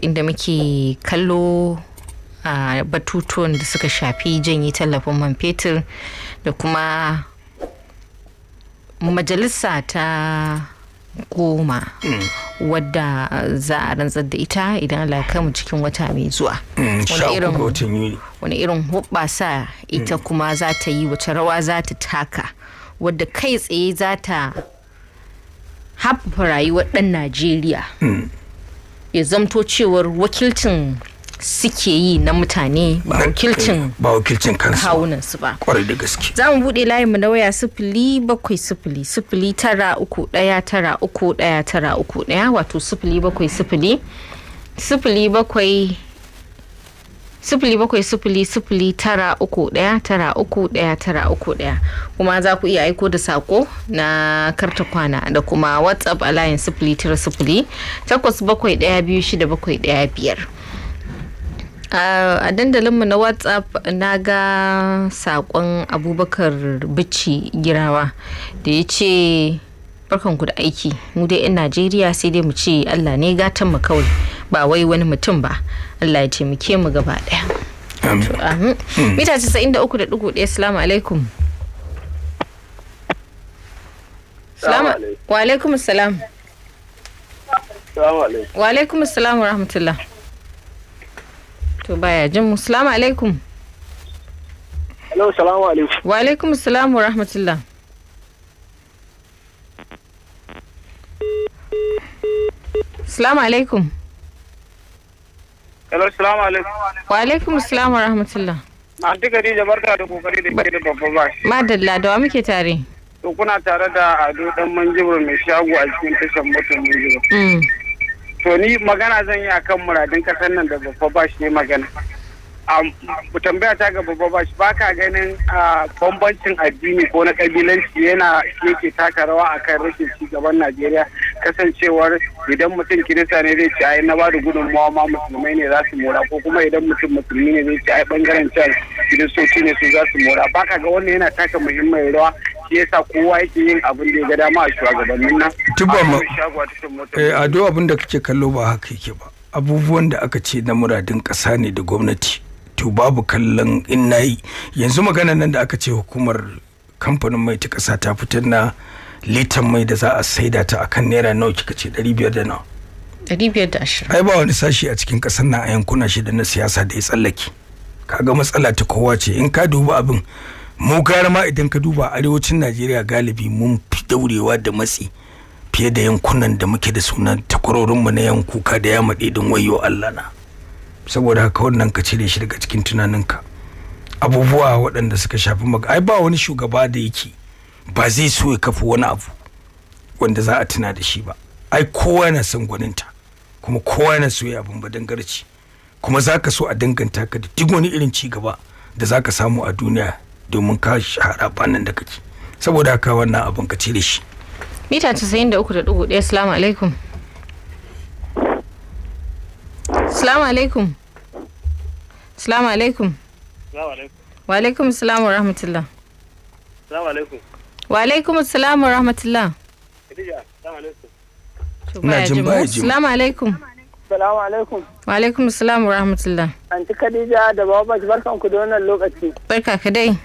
inda muke kallo a batutuwan da suka shafi janye tallafin man fetur da kuma majalisa ta goma hmm. wadda za a rantsar da ita idan Allah mu cikin wata mai zuwa hmm, wani irin sa ita hmm. kuma za ta yi wace rawa za ta taka wadda kai tsaye za ta haɓɓa rayuwar ɗan najeriya ya zamto cewar wakilcin suke yi na mutane ba wakilcin ba wakilcin kansu ba kwarai da gaske za mu layinmu na waya sifili bakwai sifili sifili tara uku daya tara uku daya tara uku daya wato sifili bakwai sifili sifili bakwai sifili bakwai sifili sifili tara uku daya tara uku daya tara uku daya kuma za ku iya aiko da sako na karta kwana da kuma whatsapp a layin sifili tara sifili takwas bakwai daya biyu shida bakwai daya biyar a dandalinmu na whatsapp na ga sakon abubakar bici girawa da ya ce barkanku da aiki mu dai 'yan najeriya sai dai mu ce allah ne gatan mu kawai ba wai wani mutum ba Allah ya taimake mu gaba daya hmm. mita 93.1 salamu alaikum wa alaikum salam wa alaikum salam wa rahmatullah to baya jin mu salamu alaikum salamu alaikum. Wa alaikum salam wa rahmatullah. Salamu alaikum. Hello, salamu alaikum. Wa alaikum salam wa rahmatullah. Anti da barka da kokari da ke da babban ba. Madalla da wa muke tare? To kuna tare da Ado dan Manjibir mai shago a cikin tashar motar Manjibir. Mm. To ni magana zan yi akan muradin kasar nan da babba ba shi ne magana. tambaya ta ga ba ba ka ganin bambancin addini ko na kabilanci yana yake taka rawa a kan rashin ci gaban najeriya kasancewar idan mutum kirista ne zai ci ai na bada gudunmawa ma musulmai ne za su mora ko kuma idan mutum musulmi ne zai ci ai bangaren can kiristoci ne su za su mora ba ka ga wannan yana taka muhimmin rawa shi yasa kowa yake yin abin da ya ga dama a shugabannin nan. Tubba ma a eh, do abin da kake kallo ba haka yake ba abubuwan da aka ce na muradin ƙasa ne da gwamnati to babu kallon in na yi yanzu magana nan da aka ce hukumar kamfanin mai ta ƙasa ta fitar na litan mai da za a saida ta a kan naira nawa kika ce biyar da nawa ashirin ai ba wani sashi a cikin ƙasar nan a yankuna shida na siyasa da ya tsallake ga matsala ta kowa ce in ka duba abin mu gara ma idan ka duba arewacin najeriya galibi mun fi daurewa da matsi fiye da yankunan da muke da sunan takwarorinmu na yankuka da ya maɗe don wayo allah na saboda haka wannan ka cire shi daga cikin tunaninka abubuwa waɗanda suka shafi maga ai ba wani shugaba da yake ba zai so ya kafa wani abu wanda za a tuna da shi ba ai kowa yana son gwaninta kuma kowa yana so ya abin badangarci kuma za ka so a danganta ka da duk wani irin cigaba da za ka samu a duniya domin ka shahara banan da kake saboda haka wannan abin ka cire shi mita 93.1 salamu alaikum Salamu alaikum. Salamu alaikum. Salamu alaikum. Wa alaikum salam wa rahmatullah. Salamu alaikum. Wa alaikum salam wa rahmatullah. Ina jin baya jin. Salamu alaikum. Salamu alaikum. Wa alaikum salam wa rahmatullah. Anti Khadija da Baba barkan ku da wannan lokaci. Barka ka dai.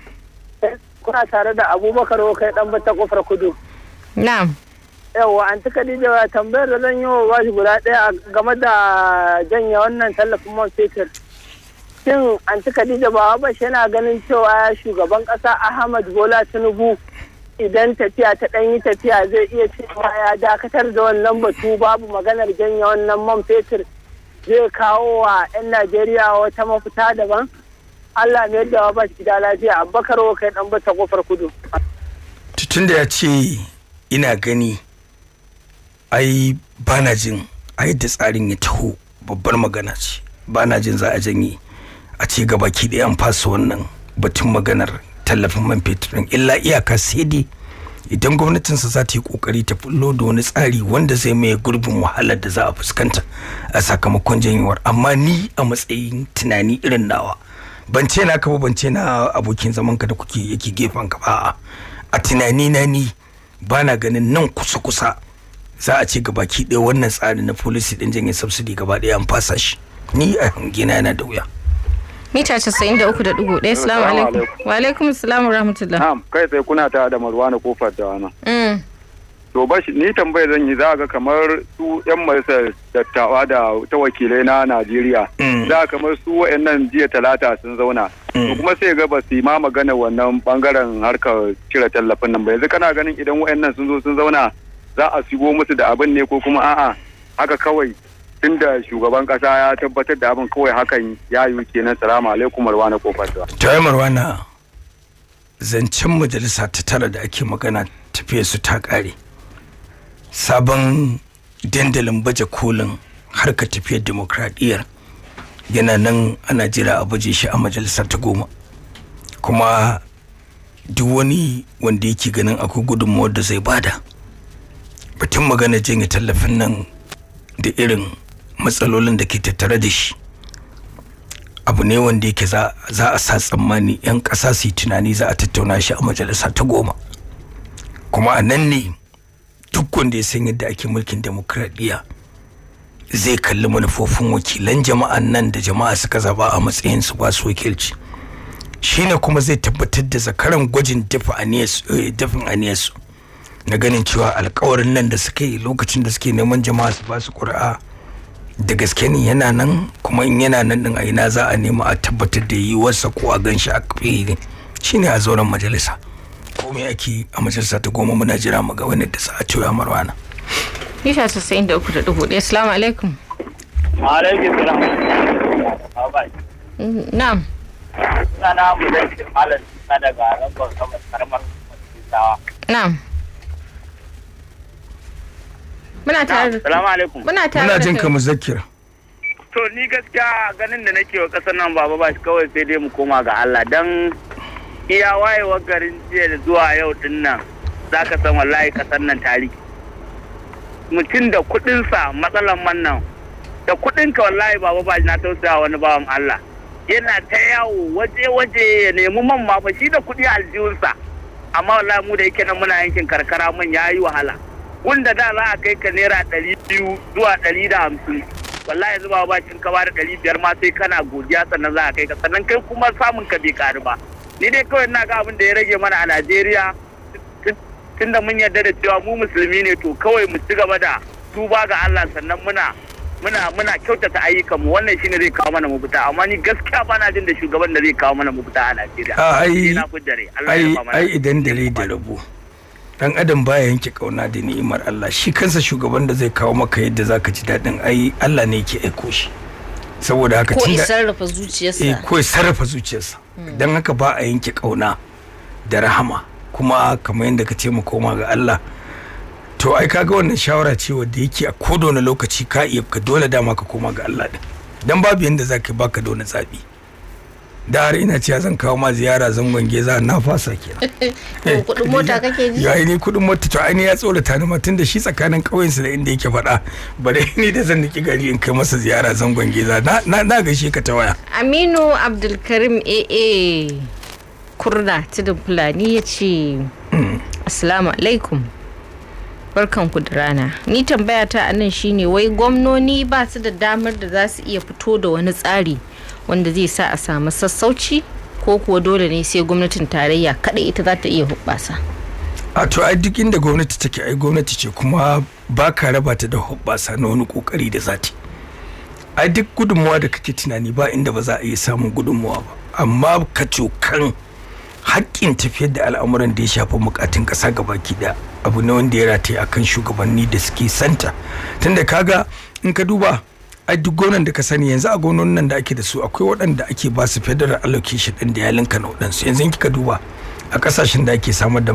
Eh, kuna tare da Abubakar Okai dan bata kofar kudu. Na'am. yawa an cika da tambayar da zan yi wa bashi guda ɗaya game da janye wannan tallafin man fetur shin an cika da ba ba yana ganin cewa shugaban ƙasa ahmad bola tinubu idan tafiya ta ɗan yi tafiya zai iya cewa ya dakatar da wannan batu babu maganar janye wannan man fetur zai kawo wa 'yan najeriya wata mafita daban allah ne yadda ba shi gida lafiya abubakar kai ɗan bata kofar kudu tun da ya ce ina gani ai ba na jin a yadda tsarin ya taho babbar magana ce ba na jin za a janye a ce gaba ki ɗaya an fasa wannan batun maganar tallafin man fetur ɗin illa iyaka sai dai idan gwamnatinsa za ta yi kokari ta fullo da wani tsari wanda zai mai gurbin wahalar da za a fuskanta a sakamakon janyewar amma ni a matsayin tunani irin nawa ban ce na kaba ban ce na abokin zaman ka da kuke yake gefen ka ba a tunani na ni bana ganin nan kusa kusa za a ce gabaki ɗaya wannan tsari na policy ɗin janye subsidy gaba ɗaya an fasa shi ni a hangina yana da wuya mita 93.1 salamu alaikum wa alaikum salamu rahmatullah na'am kai sai kuna ta da marwana kofar da wani mm. to bashi ni tambayar zan yi za ga kamar su yan majalisar dattawa da ta wakilai na Najeriya mm. za kamar su wa'annan jiya talata sun zauna mm. to kuma sai ga ba ma magana wannan bangaren harkar cire tallafin nan ba yanzu kana ganin idan wa'annan sun zo sun zauna za a shigo musu da abin ne ko kuma a'a haka kawai tun da shugaban kasa ya tabbatar da abin kawai hakan ya yi kenan salamu alaikum marwana kofarsa. Jai marwana zancen majalisa ta tara da ake magana tafiye su ta kare sabon dandalin baje kolin harkar tafiyar demokradiyyar yana nan ana jira a baje shi a majalisa ta goma kuma duk wani wanda yake ganin akwai gudunmawar da zai bada batun magana janye tallafin nan da irin matsalolin da ke tattare da shi abu ne wanda yake za a sa tsammani 'yan ƙasa su yi tunani za a tattauna shi a majalisa ta goma kuma a nan ne duk wanda ya san yadda ake mulkin demokradiyya zai kalli manufofin wakilan jama'an nan da jama'a suka zaba a matsayin su ba su wakilci ne kuma zai tabbatar da zakaran gwajin eh, dafin aniyarsu na ganin cewa alkawarin nan da suka yi lokacin da suke neman jama'a su ba su ƙuri'a da gaske ne yana nan kuma in yana nan din a ina za a nema a tabbatar da wasa ko a ganshi a ne shine a zauren majalisa ko me ake a majalisa ta goma muna jira mu ga wani da za a cewa marwana Nisha sassain da uku da dubu ɗaya. Salamu alaikum. Alaikum salam. Na'am. Sana mu zai malam daga rambar kamar karamar Na'am. muna tare salamu alaikum jin ka to ni gaskiya ganin da nake wa kasar nan baba ba shi kawai sai dai mu koma ga Allah dan iya wayewar garin jiya da zuwa yau din nan zaka san wallahi kasar nan tarihi mutum da kudinsa matsalan man nan da ka wallahi baba ba na tausaya wani bawan Allah yana ta yawo waje-waje ya nemi man ma shi da kudi aljihunsa amma wallahi mu da yake nan muna yankin karkara mun ya yi wahala wanda da za a kai ka naira ɗari biyu zuwa ɗari da hamsin wallahi zuba cin kaba da ɗari biyar ma sai kana godiya sannan za a kai ka sannan kai kuma samun ka bai ƙaru ba ni dai kawai na ga abin da ya rage mana a najeriya tunda mun yarda da cewa mu musulmi ne to kawai mu ci gaba da tuba ga allah sannan muna muna muna kyautata ayyukan mu wannan shine zai kawo mana mafita amma ni gaskiya ba na jin da shugaban da zai kawo mana mafita a Najeriya. Ah, ai ai idan dare da rabu. dan adam baya yanke kauna da ni'imar Allah shi kansa shugaban da zai kawo maka yadda zaka ji daɗin ai Allah ne yake aiko shi saboda haka ko sarrafa zuciyarsa eh ko sarrafa zuciyarsa hmm. dan haka ba a yanke kauna da rahama kuma kamar yadda ka ce mu koma ga Allah to ai kaga wannan shawara ce wanda yake a kodona lokaci ka iya ka dole dama ka koma ga Allah din dan babu yanda zaka baka dona wani zabi da har ina cewa zan kawo ma ziyara zangon geza na fasa kenan kudin mota kake ji yayi ni kudin mota to ai ya tsorata ta ma tunda shi tsakanin kauyen su da inda yake faɗa bare ni da zan niki gari in kai masa ziyara zangon geza na na gaishe ka ta waya Aminu Abdulkarim AA Kurna Tudun Fulani ya ce hmm. Assalamu alaikum barkan ku da rana ni tambaya ta anan shine wai gwamnoni ba su da damar da za su iya fito da wani tsari wanda zai sa a samu sassauci ko kuwa dole ne sai gwamnatin tarayya kadai ita za ta iya hubbasa a to ai duk inda gwamnati take ai gwamnati ce kuma ba ka raba ta da hubbasa na wani kokari da zati ta ai duk gudunmuwa da kake tunani ba inda ba za a iya samun gudunmuwa ba amma ka cokan haƙƙin tafiyar da al'amuran da ya shafi bukatun ƙasa gabaki da abu ne wanda ya rataye akan shugabanni da suke santa tunda kaga in ka duba ai duk gonan da ka sani yanzu a gononin nan da ake da su akwai waɗanda ake ba su federal allocation ɗin da ya linka na waɗansu yanzu kika duba a ƙasashen da ake samar da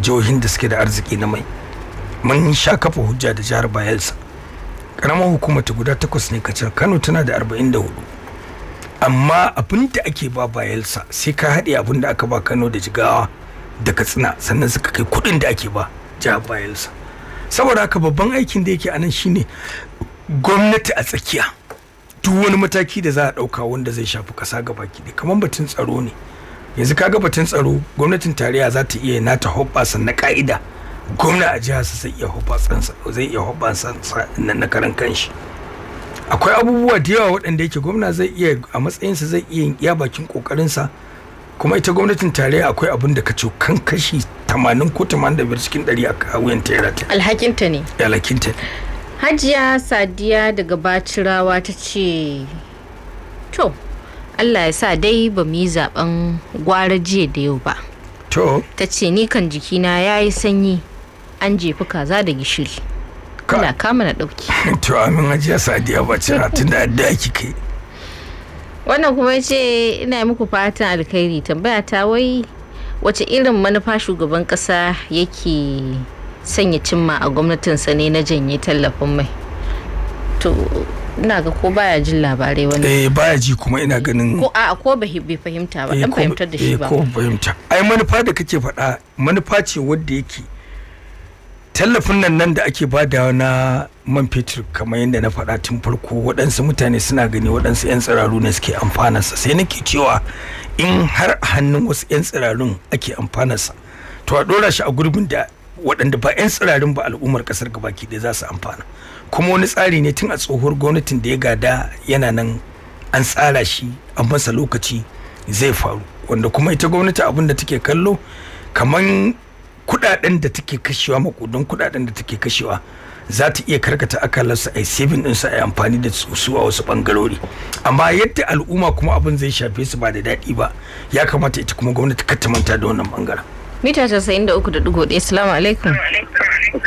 jihohin da suke da arziki na mai mun sha kafa hujja da jihar bayelsa ƙaramar hukumar ta guda takwas ne kacal kano tana da arba'in da hudu amma abin da ake ba bayelsa sai ka haɗe abin da aka ba kano da jigawa da katsina sannan suka kai kuɗin da ake ba jihar bayelsa saboda haka babban aikin da yake a nan shine gwamnati a tsakiya duk wani mataki da za a ɗauka wanda zai shafi ƙasa gabaki ne kamar batun tsaro ne yanzu kaga batun tsaro gwamnatin tarayya za ta iya nata hoɓɓasa na ƙa'ida gwamna a jihar sa zai iya hoɓɓasansa zai iya hoɓɓasansa na karan kanshi akwai abubuwa da yawa waɗanda yake gwamna zai iya a matsayinsa zai iya yin iya bakin ƙoƙarinsa kuma ita gwamnatin tarayya akwai abin da ka ce kan kashi 80 ko 85 cikin 100 a wuyan ta alhakinta ne alhakinta ne hajiya sadiya daga bacirawa ta ce to allah ya sa dai ba mu yi zaben gwara jiya da yau ba to ta ce ni kan jikina ya yi sanyi an jefi kaza da gishiri Allah kama na ɗauki to amin hajiya sadiya bacira tun da yadda wannan kuma ce ina yi muku fatan alkhairi tambaya ta wai wace irin manufa shugaban ƙasa yake sanya cimma a gwamnatinsa ne na janye tallafin mai to ina ga ko baya jin labarai wani eh baya ji kuma ina ganin ko a ko bai fahimta ba dan eh, fahimtar da shi eh, ba ko fahimta ai manufa da kake faɗa manufa ce wanda yake tallafin nan nan da ake badawa na man fetur kamar yadda na faɗa tun farko waɗansu mutane suna gani waɗansu 'yan tsirarru ne suke amfanarsa sai nake cewa in har a hannun wasu 'yan tsirarun ake amfanarsa to a ɗora shi a gurbin da waɗanda ba 'yan tsirarin ba al'ummar ƙasar gabaki ɗaya za su amfana kuma wani tsari ne tun a tsohuwar gwamnatin da ya gada yana nan an tsara shi an masa lokaci zai faru wanda kuma ita gwamnati abin da take kallo kamar kuɗaɗen da take kashewa makudan kuɗaɗen da take kashewa za ta iya karkata akalarsa a saving ɗinsu a amfani da su a wasu bangarori amma yadda al'umma kuma abin zai shafe su ba da daɗi ba ya kamata ita kuma gwamnati ta manta da wannan bangaren mita da da uku ɗaya salamu alaikum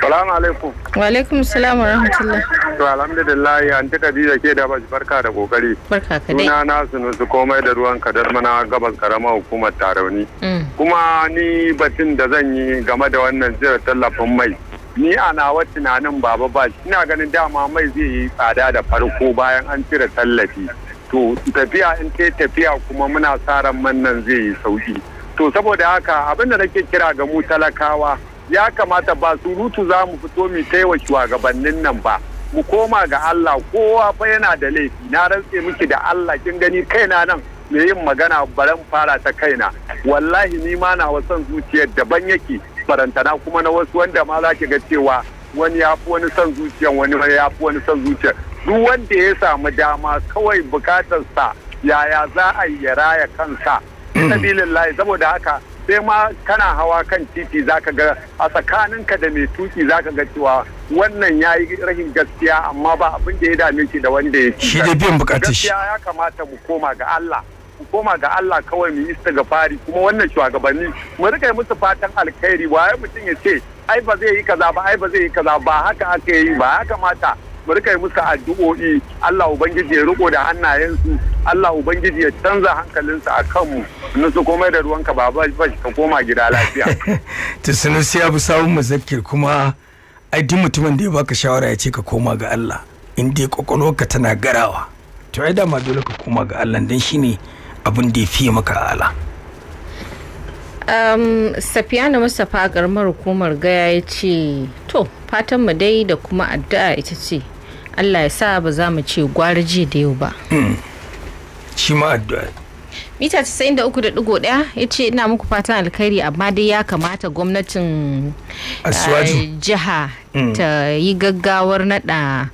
salamu alaikum wa alaikum salam wa rahmatullah to alhamdulillah an ta kadija ke da barka da kokari barka ka dai suna na sunu su komai da ruwan kadar mana gabas karama hukumar tarauni mm. kuma ni batun da zan yi game da wannan jirar tallafin mai ni a nawa tunanin baba ba ina ganin dama mai zai yi tsada da farko bayan an cire tallafi to tafiya in ta tafiya kuma muna sa ran man nan zai yi sauki to saboda haka abin da nake kira ga mu talakawa ya kamata ba surutu za mu fito mu taiwa shugabannin nan ba mu koma ga Allah kowa fa yana da laifi na rantse miki da Allah kin gani kaina nan me yin magana baran fara ta kaina wallahi ni ma na wasan zuciyar daban yake barantana kuma na wasu wanda ma za ki ga cewa wani ya fi wani son zuciyar wani ya fi wani son zuciyar duk wanda ya samu dama kawai bukatarsa yaya za a yi ya raya kansa Mm. sabilin layi saboda haka sai ma kana hawa kan titi zaka ga a tsakanin ka da mai tuki zaka ga cewa wannan ya yi rashin gaskiya amma ba abin da ya dame shi da wanda ya ci. Shi Gaskiya ya kamata mu koma ga Allah. Mu koma ga Allah kawai mu yi fari kuma wannan shugabanni mu rika yi musu fatan alkhairi waye mutum ya ce ai ba zai yi kaza ba ai ba zai yi kaza ba haka aka yi ba ya kamata mu rika musu addu'o'i Allah ubangiji ya riko da hannayensu Allah ubangiji ya canza hankalinsu a kanmu in su komai da ruwanka ba ba ka koma gida lafiya to sanusi ya bi sabon muzakkir kuma ai duk mutumin da ya baka shawara ya ce ka koma ga Allah in dai ka tana garawa to ai dama dole ka koma ga Allah dan shine abin da ya fiye maka ala um, safiyana mustapha garmar hukumar gaya ya ce to mu dai da kuma addu'a ita ce allah ya sa ba za mu ce jiya da yau ba shi ma addu'a mita 93.1 ya ce ina muku fatan alkhairi amma dai ya kamata gwamnatin uh, jiha mm. ta yi gaggawar naɗa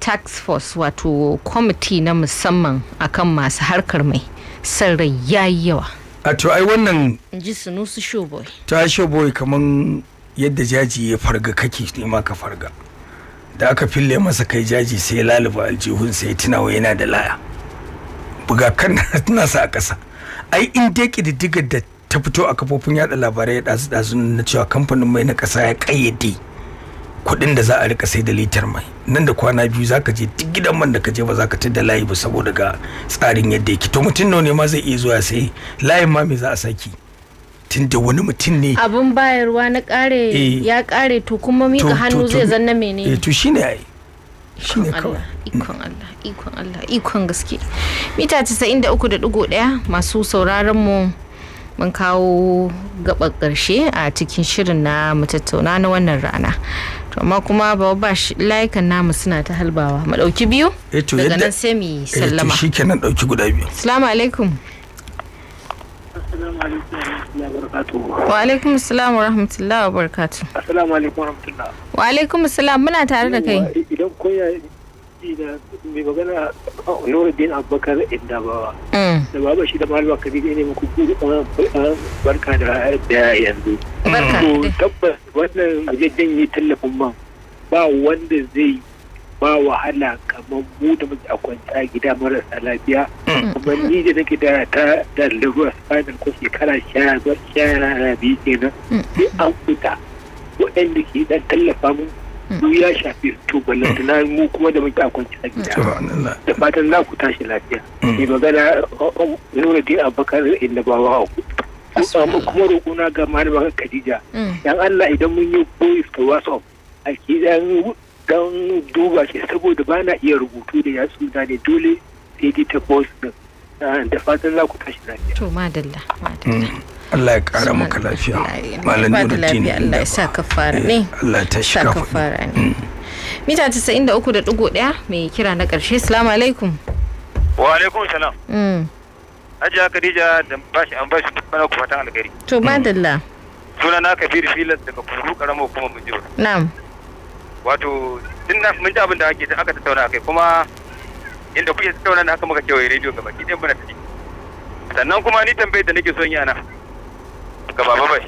tax force wato kwamiti na musamman akan masu harkar mai son yayi yawa a to ai wannan ji sunusu showboy ta showboy kaman yadda jaji ya farga kake nema ka farga da aka fille masa kai jaji sai laluba aljihun sai tunawa yana da laya buga kan tana sa a ƙasa ai in dai kididdigar da ta fito a kafofin yada labarai ya dazu ɗazu na cewa kamfanin mai na kasa ya kayyade kuɗin da za a rika sai da litar mai nan da kwana biyu za ka je duk gidan man da ka je ba za ka da layi ba saboda ga tsarin yadda yake to mutum nawa ne ma zai iya zuwa sai layin ma me za a saki tun da wani mutum ne abin bayarwa na kare eh. ya kare to kuma mika hannu zai zanna mene eh to shine ai shine kawai mm. ikon Allah ikon Allah ikon gaske mita 93.1 masu sauraron mu mun kawo gabar ƙarshe a cikin shirin na matattauna na wannan rana to amma kuma ba ba layukan namu suna ta halbawa mu dauki biyu eh, daga nan sai mu sallama eh to shikenan dauki guda biyu assalamu alaikum assalamu alaikum wa alaikum assalam wa rahmatullah wa barakatuh assalamu alaikum wa rahmatullahi wa alaikum assalam muna tare da kai idan koya da mai magana oh, Nuruddin Abubakar inda ba mm. da baba shi da malama kabiri ne muku um, um, barka da yanzu barka tabbas wannan zai yi tallafin man ba wanda zai ba wahala kamar mu da muke a kwanta gida marasa lafiya mm. kuma ni da nake da ta da lagos spinal ko shekara sha sha biyu kenan mm. sai an fita waɗanda ke dan tallafa mu mm. mu ya shafi to na mu kuma da muke a kwanta gida da fatan za ku tashi lafiya mai magana nuna din abakar inda ba wa kuma roƙona ga malama Khadija dan Allah idan mun yi boys ka wasu a kidan don duba shi saboda ba na iya rubutu da yatsu na ne dole sai dai ta post din ah, da fatan za ku tashi lafiya to madalla madalla hmm. Allah ya kara maka lafiya malam Nuruddin Allah ya sa ka fara ne eh, Allah ta shi ka fara ne hmm. mita 93.1 mai kira na karshe assalamu alaikum wa alaikum salam hmm. Hajiya Khadija da bashi an bashi bana ku fatan alkhairi to madalla sunana na Kabir Filas daga Kuru karamar hukumar Mujibur na'am wato tun na mun ji abin da ake aka tattauna kai kuma inda kuke tattauna na ka maka kewaye rediyo gaba ki ɗin muna tafi sannan kuma ni tambayar da nake son yi ana gaba babai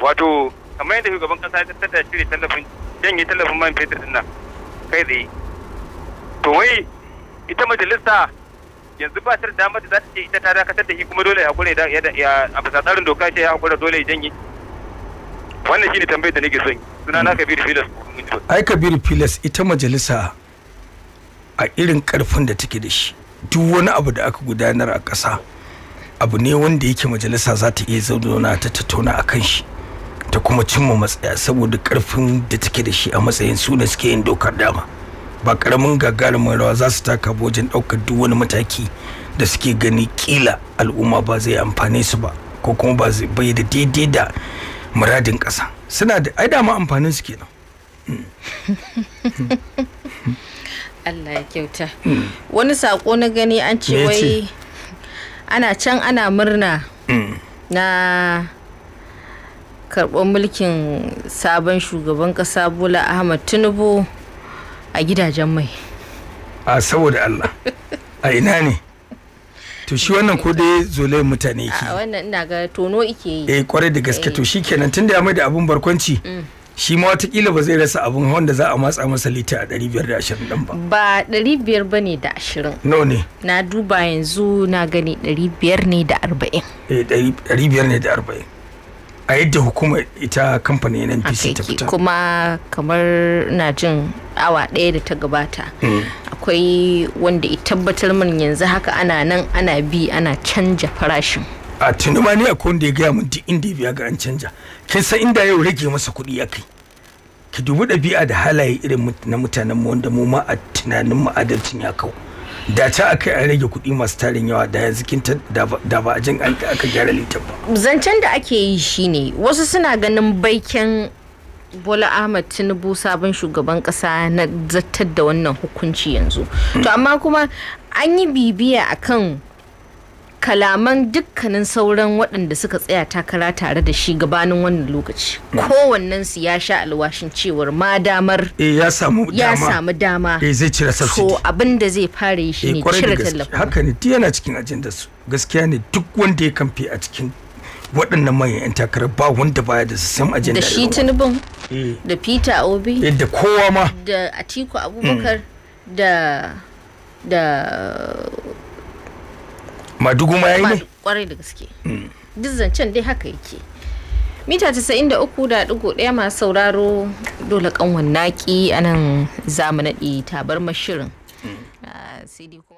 wato kamar yadda shugaban kasa ya tattata shirya tallafin janye tallafin man fetur din nan kai tsaye to wai ita majalisa yanzu ba ta da damar za ta ce ita ta dakatar da shi kuma dole ya da ya a bisa tsarin doka ce ya hakura dole ya janye wannan shine tambayar da nake son yi sunana kabir filas ai kabir filas ita majalisa a irin karfin da take da shi duk wani abu da aka gudanar a ƙasa abu ne wanda yake majalisa za ta iya zauna ta tattauna a kan shi ta kuma cimma matsaya saboda karfin da take da shi a matsayin su suke yin dokar dama ba karamin gagarumin rawa za su taka wajen ɗaukar duk wani mataki da suke gani kila al'umma ba zai amfane su ba ko kuma ba zai bai da daidai da muradin ƙasa suna da ai dama amfanin su kenan Allah ya kyauta wani sako na gani an ce wai ana can ana murna mm. na karɓar mulkin sabon shugaban ƙasa bola ahmad tinubu a gidajen mai a saboda allah a ina ne to shi wannan ko dai zole mutane ke wannan ina ga tono ike yi eh kwarai da gaske to shi eh. shikenan tunda ya mai da abun barkwanci mm. shi ma watakila ba zai rasa abun hawan da za a matsa masa lita a 520 ɗin ba. Ba 500 ba ne da 20. No ne. Na duba yanzu na gani 500 ne da 40. Eh 500 ne da 40. a yadda hukumar ita kamfanin NNPC ta fita kuma kamar na jin awa ɗaya da ta gabata hmm. akwai wanda ya tabbatar min yanzu haka ana nan ana bi ana canja farashin a tuni ma ni akwai wanda ya gaya min duk inda ya biya ga an canja kin san inda yau rage masa kuɗi ya kai ki dubi ɗabi'a da halaye irin na mutanen mu wanda mu ma a tunanin mu adalcin ya kawo da ta aka yi rage kuɗi masu tarin yawa da yanzu kin da ba a jin an aka gyara litin ba. Zancen da ake yi shine wasu suna ganin baiken Bola ahmad Tinubu sabon shugaban kasa na zartar da wannan hukunci yanzu. To amma kuma an yi bibiya akan kalaman dukkanin sauran waɗanda suka tsaya takara tare da shi gabanin wannan lokaci mm. su ya sha alwashin cewar ma damar eh, ya samu dama ya samu dama eh, zai cire subsidy to abin da zai fara yi shi eh, ne cire tallafin haka ne duk yana cikin ajandar su gaskiya ne duk wanda ya kamfe a cikin waɗannan manyan 'yan takarar ba wanda baya da sam ajinda da shi tinubun da peter obi da kowa ma da atiku abubakar mm. da da madugu ma yayi ne kwarai da gaske duk zancen dai haka yake mita 93.1 masu sauraro dole kanwan naki anan zamanadi tabar mashirin hmm. ah, sai dai